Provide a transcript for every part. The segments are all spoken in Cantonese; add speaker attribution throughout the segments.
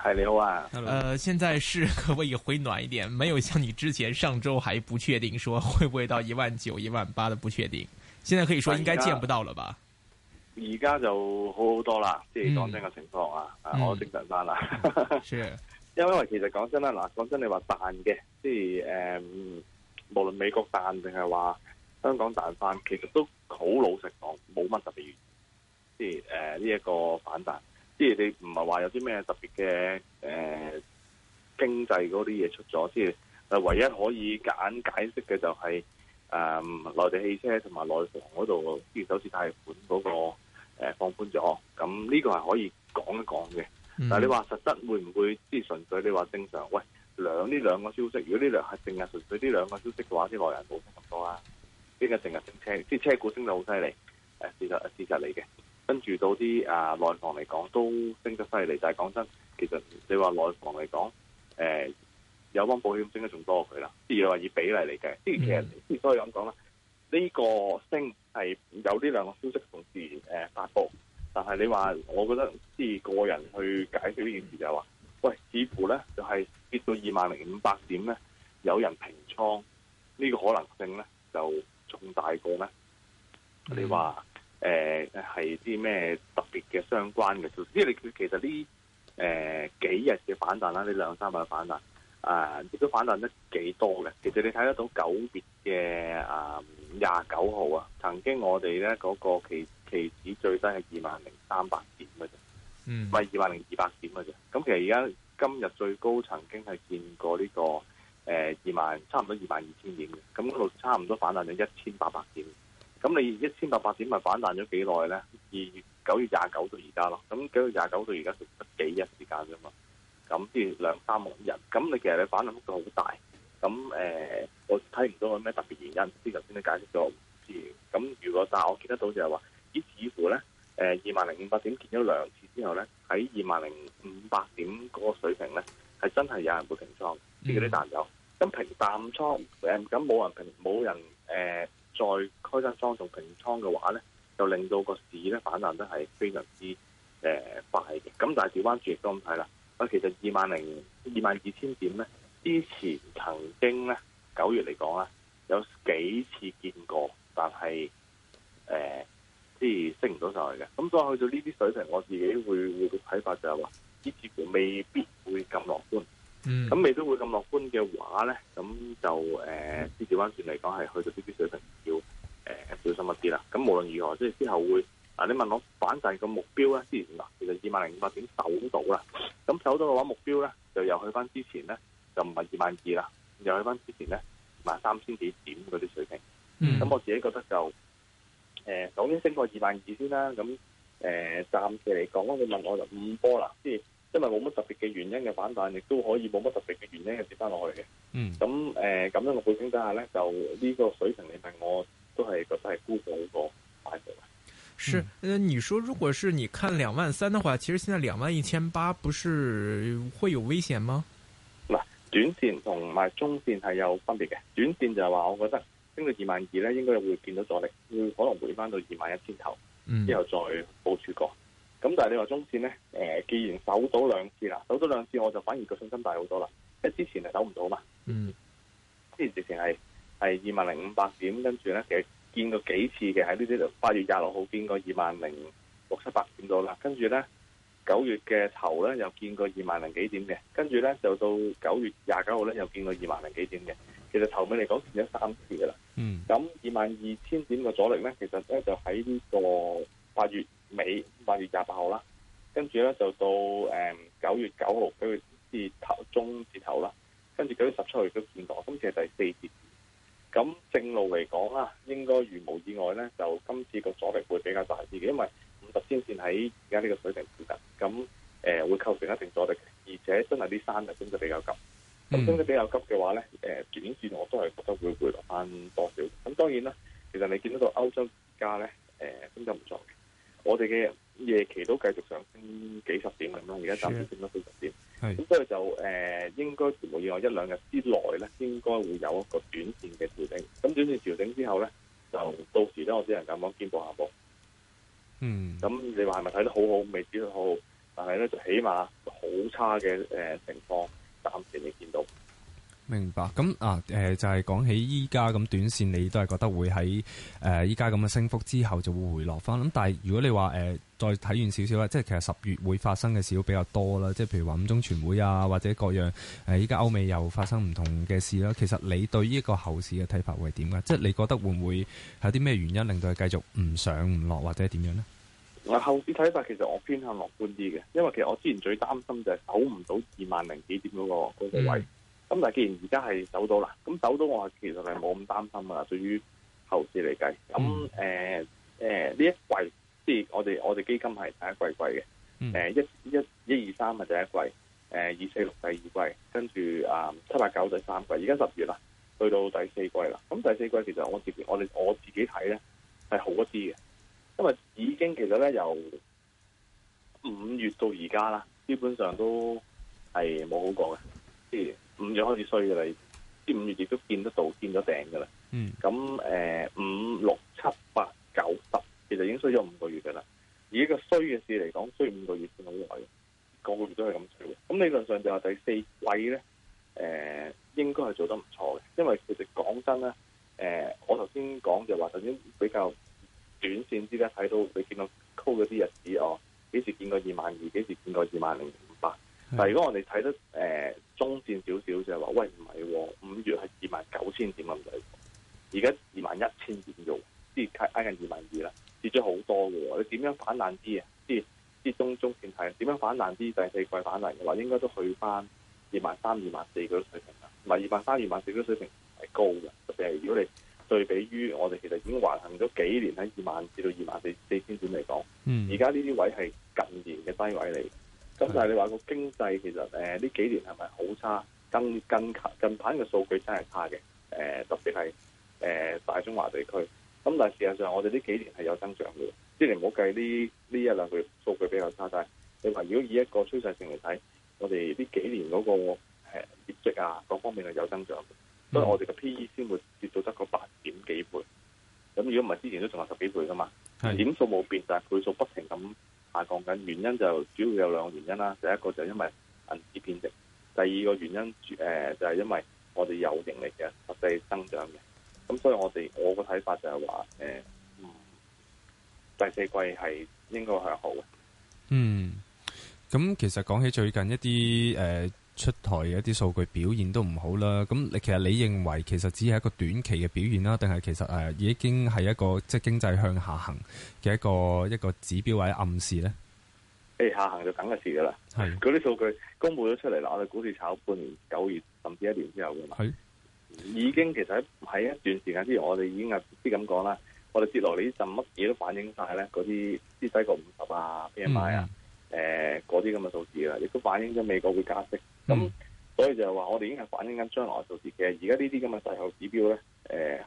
Speaker 1: 係六萬，
Speaker 2: 你好啊、呃，現在是可唔可以回暖一點？沒有像你之前上周還不確定，說會不會到一萬九、一萬八的不確定。現在可以說應該見不到了吧？
Speaker 1: 而家就好好多啦，即係講真嘅情況啊，嗯、我正常翻啦。嗯、因為其實講真啦，嗱，講真你話彈嘅，即係誒、嗯，無論美國彈定係話香港彈翻，其實都好老實講，冇乜特別原因，即係誒呢一個反彈。即係你唔係話有啲咩特別嘅，誒經濟嗰啲嘢出咗，即係唯一可以夾硬解釋嘅就係誒內地汽車同埋內房嗰度，譬如首次貸款嗰個誒、呃、放寬咗，咁呢個係可以講一講嘅。但係你話實質會唔會即係純粹你話正常？喂，兩呢兩個消息，如果呢兩係淨係純粹呢兩個消息嘅話，啲內人冇咁多啊？邊個淨係升車？即係車股升得好犀利？誒事實事實嚟嘅。跟住到啲啊、呃、內房嚟講都升得犀利，但係講真，其實你話內房嚟講，誒、呃、有班保險升得仲多過佢啦。即係話以比例嚟計，即係其實之所以咁講啦。呢、這個升係有呢兩個消息同時誒發布，但係你話，我覺得即係個人去解説呢件事情就係、是、話，嗯、喂，似乎咧就係、是、跌到二萬零五百點咧，有人平倉，呢、這個可能性咧就重大過咩？嗯、你話？誒，係啲咩特別嘅相關嘅？即係你其實呢誒、呃、幾日嘅反彈啦，呢兩三百個反彈啊，亦、呃、都反彈得幾多嘅。其實你睇得到九月嘅啊廿九號啊，曾經我哋咧嗰個期期指最低係二萬零三百點嘅啫，嗯，唔係二萬零二百點嘅啫。咁其實而家今日最高曾經係見過呢、呢個誒二萬，差唔多二萬二千點嘅。咁嗰度差唔多反彈咗一千八百點。咁你一千八百點咪反彈咗幾耐咧？二月九月廿九到而家咯，咁九月廿九到而家得幾日時間啫嘛？咁即係兩三兩日。咁你其實你反彈幅度好大。咁誒、呃，我睇唔到有咩特別原因，唔知頭先你解釋咗咁如果，但我見得到就係話，似乎咧，誒二萬零五百點見咗兩次之後咧，喺二萬零五百點嗰個水平咧，係真係有人會平倉，即嗰啲淡友。咁、嗯、平淡倉誒，咁冇人平，冇人誒。呃再開新倉同平倉嘅話咧，就令到個市咧反彈得係非常之誒快嘅。咁但係小灣主亦都咁睇啦，我其實二萬零二萬二千點咧，之前曾經咧九月嚟講啦，有幾次見過，但係誒即係升唔到上去嘅。咁所以去到呢啲水平，我自己會會嘅睇法就係話，呢似乎未必會咁樂觀。咁、嗯、未都會咁樂觀嘅話咧，咁就誒，獅子灣船嚟講係去到呢啲水平要誒小心一啲啦。咁、嗯、無論如何，即係之後會嗱，你問我反彈個目標咧，之前嗱其實二萬零五百點走咗啦。咁走咗嘅話目標咧就又去翻之前咧，就唔係二萬二啦，又去翻之前咧，二萬三千幾點嗰啲水平。咁、嗯、我自己覺得就誒，首先升過二萬二先啦。咁誒，暫時嚟講你問我就五波啦，即係因為冇乜特別嘅原因嘅反彈，亦都可以冇乜特別嘅原因嘅跌翻落去嘅。嗯，咁誒，咁、呃、樣嘅背景底下咧，就呢、這個水平，你問我，我都係覺得係沽咗個反彈。
Speaker 2: 是、呃，你說如果是你看兩萬三的話，其實現在兩萬一千八，不是會有危險嗎？
Speaker 1: 嗱，短線同埋中線係有分別嘅。短線就係話，我覺得升到二萬二咧，應該會見到阻力，會可能回翻到二萬一千頭，之後再部署過。嗯。咁但係你話中線咧，誒，既然走到兩次啦，走咗兩次我就反而個信心大好多啦。即係之前係走唔到嘛。嗯，之前直情係係二萬零五百點，跟住咧其實見過幾次嘅喺呢啲度。八月廿六號見過二萬零六七百點到啦，跟住咧九月嘅頭咧又見過二萬零幾點嘅，跟住咧就到九月廿九號咧又見過二萬零幾點嘅。其實頭尾嚟講見咗三次噶啦。嗯。咁二萬二千點嘅阻力咧，其實咧就喺呢個八月。尾八月廿八號啦，跟住咧就到誒九月九號，九月至頭中至頭啦，跟住九月十七號都見到，今次就第四節。咁正路嚟講啦，應該如無意外咧，就今次個阻力會比較大啲嘅，因為五十天線喺而家呢個水平附近，咁誒、呃、會構成一定阻力，而且真係啲山啊升得比較急，咁升得比較急嘅話咧，誒短線我都係覺得會回落翻多少。咁當然啦，其實你見得到歐洲而家咧誒，都就唔錯。我哋嘅夜期都繼續上升幾十點咁樣，而家暫時升咗四十點。咁 Sure. 所以就誒、呃，應該全部意外一兩日之內咧，應該會有一個短線嘅調整。咁短線調整之後咧，就到時咧，我只能咁樣肩部下波。嗯。咁你話係咪睇得好好，未知得好？但係咧，就起碼好差嘅誒、呃、情況暫時未見到。
Speaker 3: 明白咁啊，呃、就係、是、講起依家咁短線，你都係覺得會喺誒依家咁嘅升幅之後就會回落翻。咁但係如果你話、呃、再睇完少少啦，即係其實十月會發生嘅事都比較多啦，即係譬如話五中全會啊，或者各樣誒依家歐美又發生唔同嘅事啦。其實你對一個後市嘅睇法係點嘅？即係你覺得會唔會有啲咩原因令到佢繼續唔上唔落或者點樣
Speaker 1: 咧？後市睇法其實我偏向樂觀啲嘅，因為其實我之前最擔心就係守唔到二萬零幾點嗰個高位。咁但係，既然而家係走到啦，咁走到我其實係冇咁擔心啊。對於後市嚟計，咁誒誒呢一季，即係我哋我哋基金係第一季一季嘅，誒、嗯、一一一二三係第一季，誒二四六第二季，跟住啊七八九第三季。而家十月啦，去到第四季啦。咁第四季其實我自我哋我自己睇咧係好一啲嘅，因為已經其實咧由五月到而家啦，基本上都係冇好過嘅。啲五月開始衰嘅啦，啲五月亦都見得到，見咗頂嘅啦。嗯，咁誒、呃，五六七八九十，其實已經衰咗五個月嘅啦。以一個衰嘅市嚟講，衰五個月先好耐嘅，個個月都係咁衰嘅。咁理論上就話第四季咧，誒、呃，應該係做得唔錯嘅，因為其實講真咧，誒、呃，我頭先講就話，首先比較短線啲咧睇到，你見到高嗰啲日子哦，幾時見過二萬二，幾時見過二萬零？嗱，但如果我哋睇得誒、呃、中線少少就係話，喂唔係喎，五、哦、月係二萬九千點咁樣，而家二萬一千點啫喎，挨近二萬二啦，跌咗好多㗎喎。你點樣反彈啲啊？即係即係中中線睇，點樣反彈啲？第四季反彈嘅話，應該都去返二萬三、二萬四嗰啲水平啦。唔係二萬三、二萬四嗰啲水平係高嘅，特別係如果你對比於我哋其實已經橫行咗幾年喺二萬至到二萬四四千點嚟講，而家呢啲位係近年嘅低位嚟。咁但係你話個經濟其實誒呢幾年係咪好差？近近近近排嘅數據真係差嘅，誒、呃、特別係誒大中華地區。咁但係事實上我哋呢幾年係有增長嘅，即係你唔好計呢呢一兩個月數據比較差，但係你話如果以一個趨勢性嚟睇，我哋呢幾年嗰、嗰個誒業績啊各方面係有增長嘅，是的 所以我哋嘅 P E 先會跌到得個八點幾倍。咁如果唔係之前都仲係十幾倍噶嘛，點數冇變，但係倍數不停咁下降緊，原因就主要有兩個原因啦。第一個就因為銀紙貶值，第二個原因誒就係因為我哋有盈利嘅，實際增長嘅。咁所以我哋我個睇法就係話誒，第四季係應該係好嘅。嗯，
Speaker 3: 咁其實講起最近一啲誒、呃出台嘅一啲數據表現都唔好啦，咁你其實你認為其實只係一個短期嘅表現啦，定係其實誒已經係一個即係經濟向下行嘅一個一個指標或者暗示咧？
Speaker 1: 誒、哎、下行就等嘅事噶啦，係嗰啲數據公布咗出嚟，嗱我哋股市炒半年、九月甚至一年之後嘅嘛，是已經其實喺一段時間之前，我哋已經係啲咁講啦，我哋接落嚟啲噉乜嘢都反映晒咧，嗰啲啲低過五十啊、P M I 啊、誒嗰啲咁嘅數字啦，亦都反映咗美國會加息。咁，嗯、所以就係話，我哋已經係反映緊將來數字嘅。而家呢啲咁嘅滯後指標咧，誒、呃。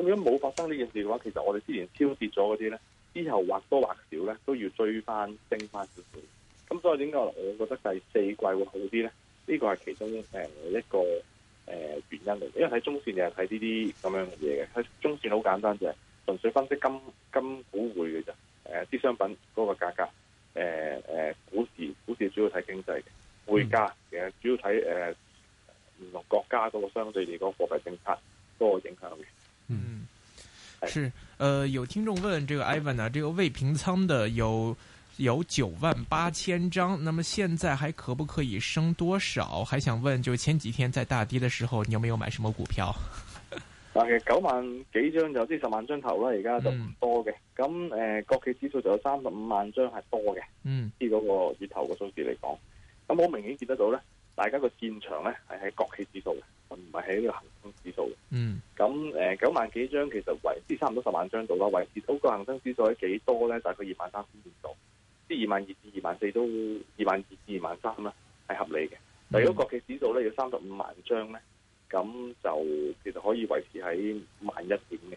Speaker 1: 咁如果冇發生呢件事嘅話，其實我哋之前超跌咗嗰啲咧，之後或多或少咧都要追翻升翻少少。咁所以點解我覺得第四季會好啲咧？呢、呢個係其中誒一個誒原因嚟嘅。因為睇中線就係睇呢啲咁樣嘅嘢嘅。睇中線好簡單嘅，就係、純粹分析金金股匯嘅啫。誒、呃、啲商品嗰個價格，誒、呃、誒股市股市主要睇經濟嘅匯價嘅，主要睇誒唔同國家嗰個相對嚟講貨幣政策嗰個影響嘅。
Speaker 2: 嗯，是，呃，有聽眾問這個 Ivan 啊，這個未平倉的有有九萬八千張，那麼現在還可不可以升多少？還想問，就前幾天在大跌的時候，你有沒有買什麼股票？
Speaker 1: 嗱、嗯，其實 九萬幾張就即、是、十萬張頭啦，而家都唔多嘅。咁誒、嗯呃，國企指數就有三十五萬張係多嘅，嗯，依嗰個月頭個數字嚟講，咁我明顯見得到咧，大家個戰場咧係喺國企指數嘅。唔係喺呢個恒生指數嘅，咁誒、嗯嗯嗯呃、九萬幾張，其實維即係差唔多十萬張度啦，維持到個恒生指數喺幾多咧？大概二萬三千點度，即係二萬二至二萬四都二萬二至二萬三啦，係合理嘅。但如果國企指數咧要三十五萬張咧，咁就其實可以維持喺萬一點嘅。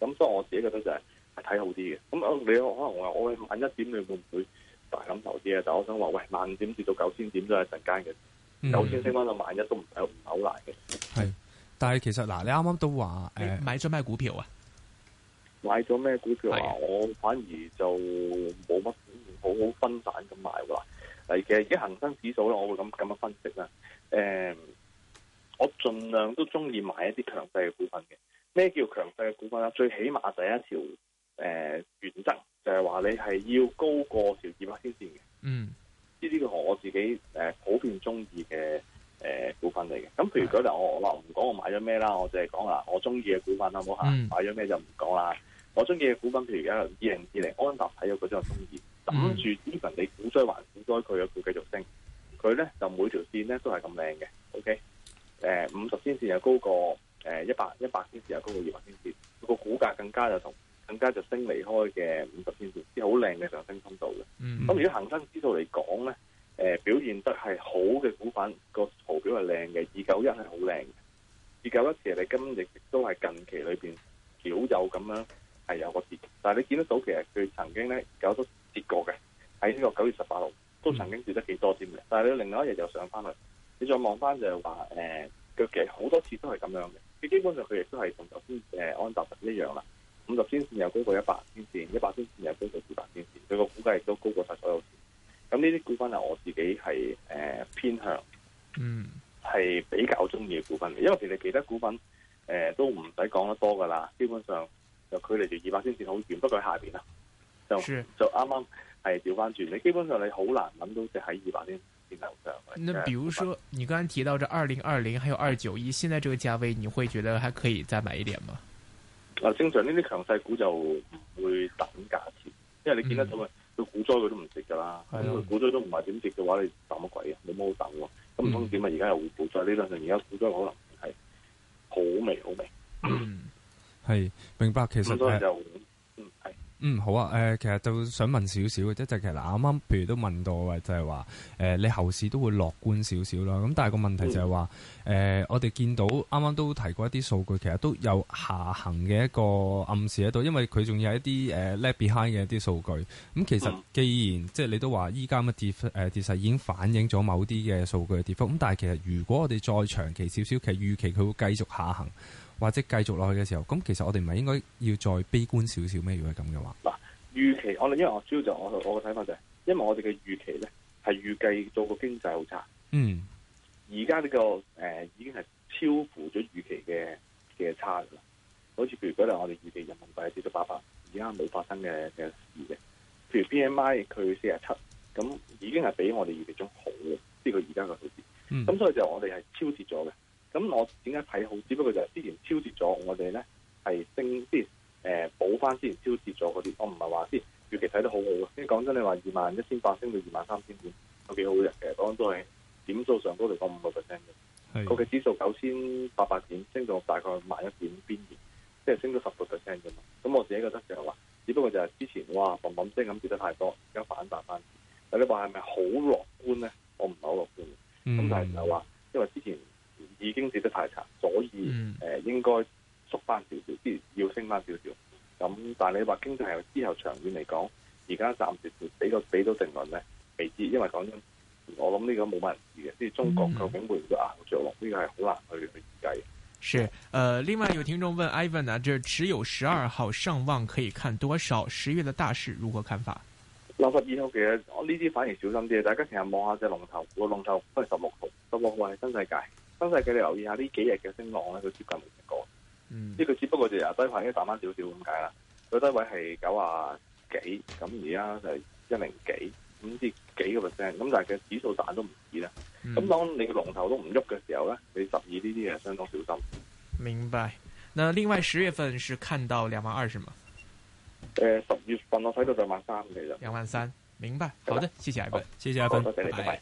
Speaker 1: 咁所以我自己覺得就係係睇好啲嘅。咁你可能話我萬一點你會唔會大感受啲啊？但我想話喂，萬五點至到九千點都係一陣間嘅。有錢升翻到萬一都唔係唔係好難嘅。
Speaker 2: 係、嗯，但係其實嗱，你啱啱都話誒、呃、買咗咩股票啊？
Speaker 1: 買咗咩股票啊？的我反而就冇乜好好分散咁買㗎，係其實而家恆生指數啦，我會咁咁樣分析啦。誒、呃，我盡量都中意買一啲強勢嘅股份嘅。咩叫強勢嘅股份咧？最起碼就係一條誒、呃、原則，就係、是、話你係要高過條二百天線嘅。嗯。我自己誒、呃、普遍中意嘅誒股份嚟嘅，咁譬如嗰日的我我話唔講我買咗咩啦，我，我喜歡的，mm. 淨係講啊，我中意嘅股份好唔好啊？買咗咩就唔講啦。我中意嘅股份，譬如而家二零二零安踏睇咗佢張，我中意。等住呢份你股災還股災，佢又會繼續升。佢咧就每條線咧都係咁靚嘅，OK？誒五十天線又高過誒一百一百天線又高過二百天線，佢、個股價更加又同更加就升離開嘅五十天線，啲好靚嘅上升通道嘅。咁、mm. 如果恆生指數嚟講咧？誒、呃，表現得係好嘅股份，個圖表係靚嘅。二九一係好靚嘅，二九一其實你今日亦都係近期裏邊少有咁樣係有個跌。但係你見得到，其實佢曾經咧有都跌過嘅，喺呢個九月十八號都曾經跌得幾多啲嘅。但係你另外一日又上翻去，你再望翻就係話，誒、呃，佢其實好多次都係咁樣嘅。你基本上佢亦都係同頭先誒安踏一樣啦。五十天線又高過一百天線，一百天線又高過二百天線，佢個估計亦都高過晒所有線。咁呢啲股份係我自己係誒、呃、偏向，嗯，係比較中意嘅股份，因為其實其他股份誒、呃、都唔使講得多噶啦，基本上就距離住二百天線好遠，不過喺下邊啦，就是就啱啱係調翻轉。你基本上你好難諗到隻喺二百天線頭上。
Speaker 2: 那比如說你剛剛提到這二零二零還有二九一，現在這個價位你會覺得還可以再買一點嗎？
Speaker 1: 啊，正常呢啲強勢股就唔會等價錢，因為你見得到、嗯股災佢都唔食噶啦，因為股災都唔係點食嘅話，你等乜鬼等啊？冇乜好等喎。咁唔通點啊？而家又股災，理論上而家股災可能係好微好微。
Speaker 3: 係明白，其實。猜猜就嗯，好啊，呃，其實就想問少少嘅，即係其實啱啱，譬如都問到，就係話，呃，你後市都會樂觀少少啦。咁但係個問題就係話，呃，我哋見到啱啱都提過一啲數據，其實都有下行嘅一個暗示喺度，因為佢仲有一啲誒 left behind 嘅一啲數據。咁，嗯，其實既然，嗯，即係你都話，呃，依家乜跌誒跌勢已經反映咗某啲嘅數據嘅跌幅。咁但係其實如果我哋再長期少少，其實預期佢會繼續下行。或者繼續落去嘅時候，咁其實我哋唔係應該要再悲觀少少咩？如果係咁嘅話，嗱，
Speaker 1: 預期我哋因為我主要就我我嘅睇法就係，因為我哋嘅、就是、預期咧係預計到個經濟好差，嗯，而家呢個誒、呃、已經係超乎咗預期嘅嘅差啦，好似譬如嗰日我哋預期人民幣跌咗八百，而家未發生嘅嘅事嘅，譬如 PMI 佢四十七，咁已經係比我哋預期中好嘅，呢個而家個數字，嗯，咁所以就是我哋係超跌咗嘅。咁我點解睇好？只不過就係之前超跌咗，我哋咧係升，即係誒補翻之前超跌咗嗰啲。我唔係話先預期睇得好好嘅。即係講真，你話二萬一千八升到二萬三千點，好人的都幾好嘅。其實講都係點數上，多嚟講五個 percent 嘅。個嘅的指數九千八百點，升到大概萬一點邊，即係升咗十個 percent 啫嘛。咁我自己覺得就係話，只不過就係之前哇，嘣嘣聲咁跌得太多，而家反彈翻。但你話係咪好樂觀咧？我唔係好樂觀。咁、嗯、但係唔係話。翻少少，咁、嗯、但係你話經濟係之後長遠嚟講，而家暫時俾個俾到定論咧，未知，因為講真，我諗呢個冇乜人知嘅，即係中國究竟會唔會、硬著陸呢個係好難去去計嘅。
Speaker 2: 是，誒、呃，另外有聽眾問 Ivan 啊，就持有十二號上望可以看多少？十月嘅大勢如何看法？
Speaker 1: 六十二號其實我呢啲反而小心啲，大家成日望下隻龍頭，個龍頭都係十六號，十六號係新世界，新世界你留意下這幾的呢幾日嘅升浪咧，佢接近冇停過。呢個、嗯、只不過就由低位已經打返少少咁解啦，佢低位係九啊幾，咁而家就一零幾，咁啲幾個 percent，咁但係佢指數彈都唔止啦。咁、嗯、當你個龍頭都唔喐嘅時候咧，你十二呢啲嘢，相當小心。
Speaker 2: 明白。那另外十月份是看到兩萬二，是嗎？
Speaker 1: 誒、呃，十月份我睇到兩萬三其實。
Speaker 2: 兩萬三，明白。嗎好的，好的謝謝阿芬，哦、謝謝阿，拜拜。拜拜。